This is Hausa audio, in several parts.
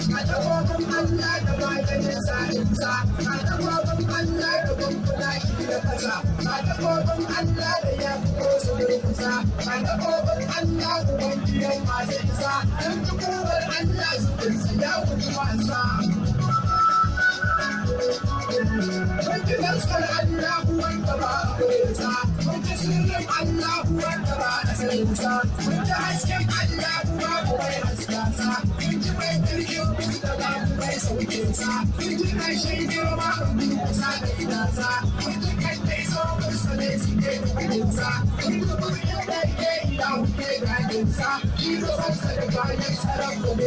a dabbobin Allah da maganin sa'insa a dabbobin Allah da bambuna ki da kasa a dabbobin Allah da ya fito su durkusa a dabbobin Allah da bambiyan masu isa don tukubar Allah su ya kuci wasa. Wanki gaskar Allah wanda ba a koyarsa, wanki sirrin Allah wanda ba a sayarsa, wanki hasken Allah kuma kuma ya haskasa, I'm ji ƙarshe girma in musa to idasa in ji ƙarshe sauran gonna suke gudunsa in ji kuɗi da ke ina huke gadinsa in ji sansa da bayan tsaron ku ne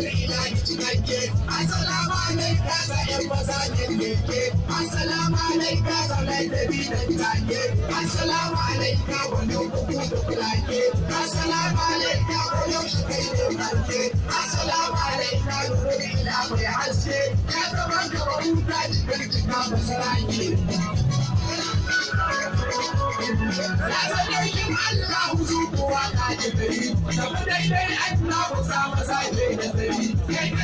zaune ina cikakke assalamu alaika maza kirkeke assalamu alaika zaune da da bitake assalamu alaika da kulake assalamu alaika wani shi kai da kulake assalamu alaika wani ina mai haske ya zama Allah ka da daidai Allah ku maza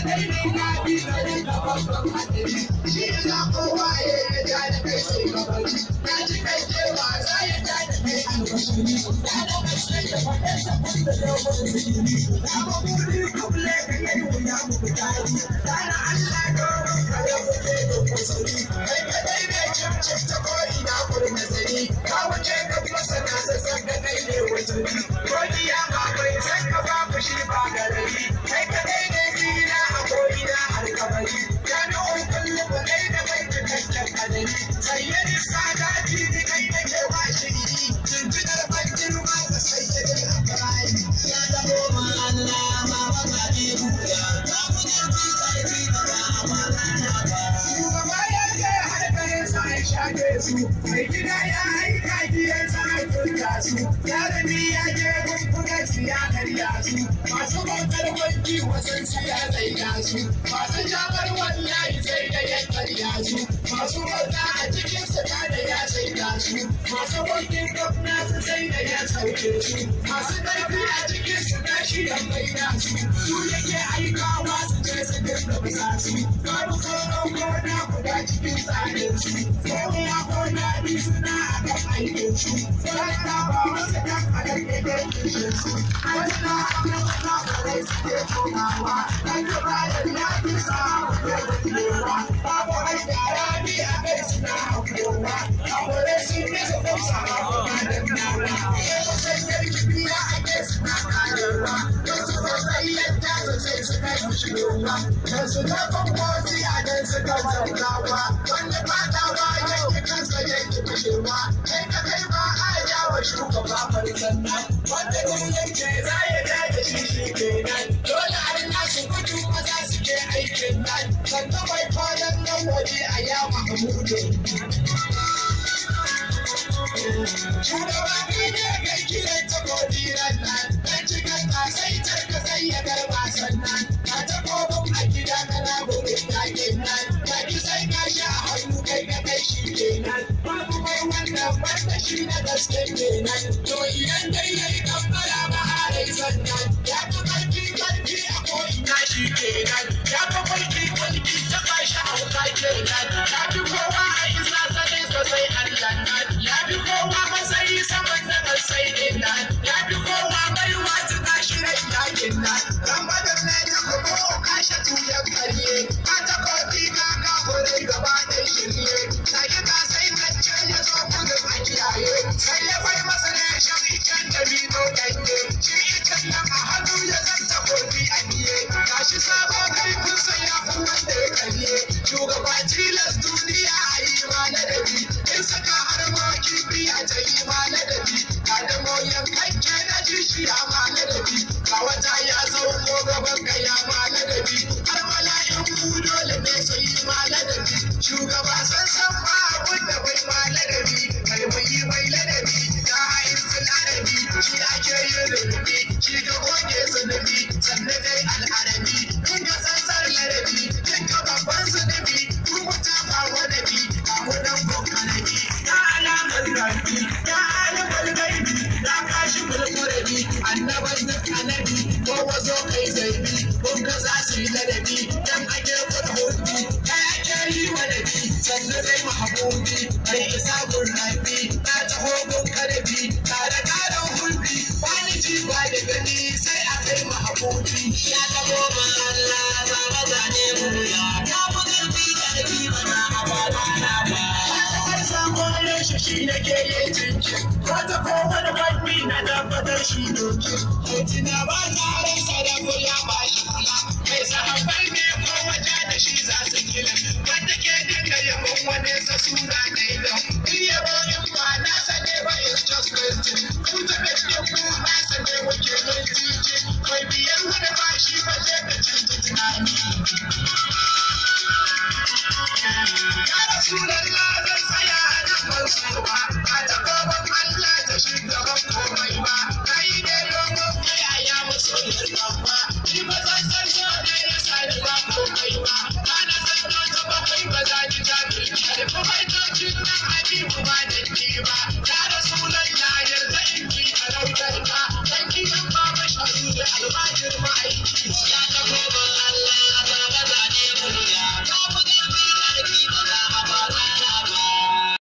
kai na bi da ne da babban na ya yi da da kai sai ji kai ke za ya da da kai albashiri na da kai sai na ba ka kai wuya na Allah da kuke da kai ka ta ka ka ne wajeni babu shi ba garari su mai gida ya aika gidan sanar turka su ya je gungunan su ya karya su masu bautar wanki wasan su ya masu jabar wallahi sai da ya karya su masu bauta a cikin su ta da ya masu da ya sauke su masu ƙarfi a cikin su shi da mai nasu su yake aikawa su je su dinga buƙatu babu sauran gona guda cikin tsarin su sauran gona biyu suna a kan aikin su sai ta ba wasu dan a kan gidan su wasu na abin suna bare suke tonawa dan ta ba da yunwa da su a nan suka zaunawa wanda ba ta ba yanki kansa yanki kujewa kai ka kai ba a yawa shugaba farkon nan wanda duk yake za ya da shi kenan dole har su gudu maza suke aikin nan sannan mai kwanan nan waje a yawa a mutum querido, cayó. shi ladabi dan ake kwalhobi kai ake yi ladabi sannu dai mahabubi mai isa gurnabi na taho gun karfi tare karin hulbi wani ji ba da gani sai a kai mahabubi ya tabo man Allah za ma zane wuya ya fi zurfi karfi ba za a ba na ba. Har samun rashin shi ke yi jinkin wata ko wani wani na tabbatar shi dokin. Hotuna ba ta rasa da kula ba shi. it I